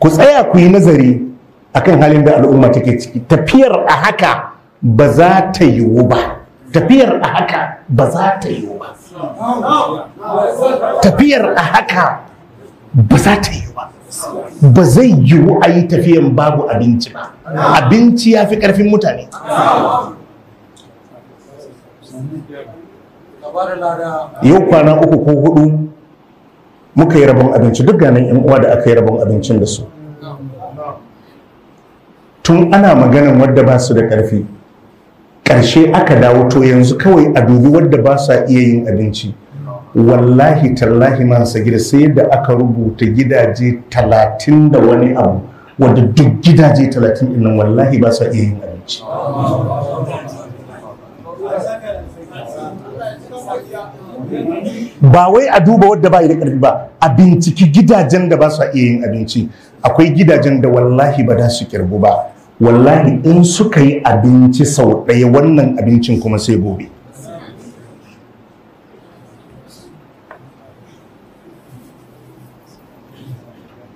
ku tsaya ku yi nazari akan halin da al'umma take ciki tafiyar a haka ba za ta yiwu ba tafiyar a haka ba za ta yiwu ba tafiyar a haka ba za ta yiwu ba ba zai yiwu a yi tafiyan babu abinci ba abinci ya fi ƙarfin mutane yau kwana uku ko hudu muka yi rabon abinci duk ganin yan uwa da aka yi rabon abincin da su tun ana maganan wadda ba su da karfi ƙarshe aka dawo to yanzu kawai a dubi wadda ba sa iya yin abinci wallahi tallahi masa gida sai da aka rubuta gidaje talatin da wani abu wadda duk gidaje talatin ɗin wallahi ba sa iya yin abinci ba wai a duba wadda ba da ƙarfi ba a binciki gidajen da ba su iya yin abinci akwai gidajen da wallahi ba da su kirbu ba wallahi in suka yi abinci sau ɗaya wannan abincin kuma sai gobe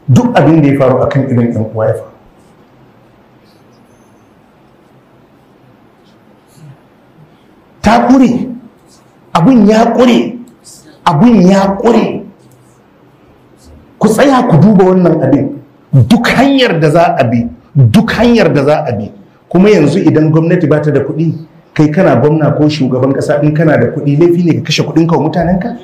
duk abin da ya faru akan irin yan uwa ta ƙure abun ya ƙure abun ya ƙure ku tsaya ku duba wannan abin duk hanyar da za a bi duk hanyar da za a bi kuma yanzu idan gwamnati ba ta da kuɗi kai kana gwamna ko shugaban ƙasa in kana da kuɗi laifi ne ka kashe kuɗin ka mutanenka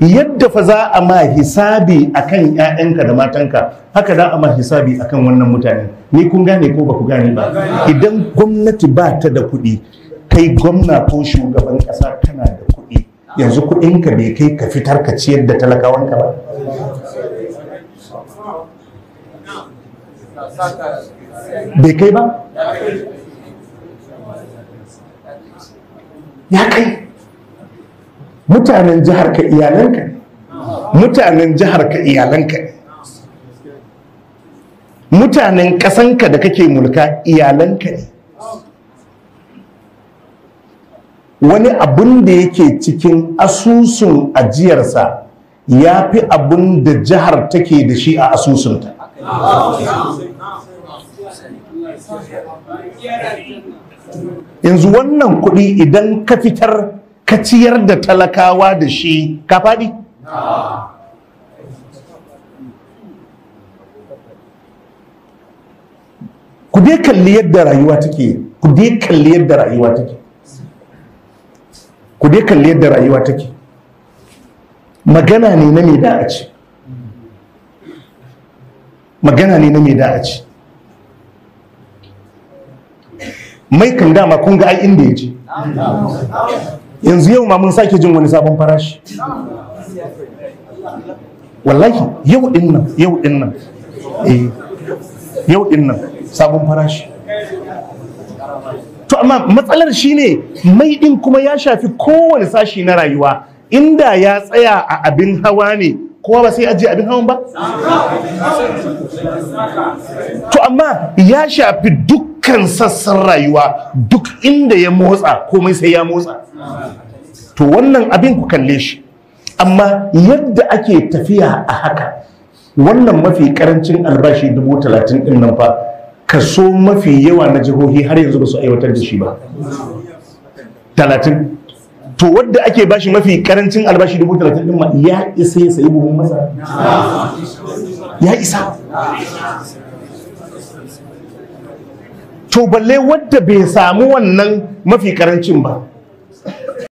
yadda fa za a ma hisabi akan 'ya'yanka da matanka haka za a ma hisabi akan wannan mutane, ni kun gane ko ba ku gane ba idan gwamnati ba ta da kuɗi kai gwamna ko shugaban ƙasa kana da kuɗi yanzu kuɗinka bai kai ka fitar ka ciyar da talakawanka ba bai kai ba ya kai mutanen jihar ka iyalanka ne mutanen jihar ka iyalanka mutanen kasanka da kake mulka iyalanka ne wani abin da yake cikin asusun ajiyarsa ya fi abin da jihar take da shi a asusunta yanzu wannan kuɗi idan ka fitar ka ciyar da talakawa da shi ka faɗi? ku dai kalli yadda rayuwa take ku dai kalli rayuwa take ku dai kalli yadda rayuwa take magana ne na mai da'a ce magana ne na mai da'a ce mai kan dama kun ga ai inda ya je yanzu yau ma mun sake jin wani sabon farashi wallahi yau dinnan yau dinnan eh yau dinnan sabon farashi to amma matsalar shine mai din kuma ya shafi kowane sashi na rayuwa inda ya tsaya a abin hawa ne kowa ba sai ajiye abin hawan ba to amma ya shafi dukkan sassan rayuwa duk inda ya motsa komai sai ya motsa to wannan abin ku kalle shi amma yadda ake tafiya a haka wannan mafi karancin albashi dubu talatin din nan fa kaso mafi yawa na jihohi har yanzu ba su aiwatar da shi ba talatin to wadda ake bashi mafi karancin albashi dubu talatin din ma ya isa ya sayi buhun masa ya isa to balle wadda bai samu wannan mafi karancin ba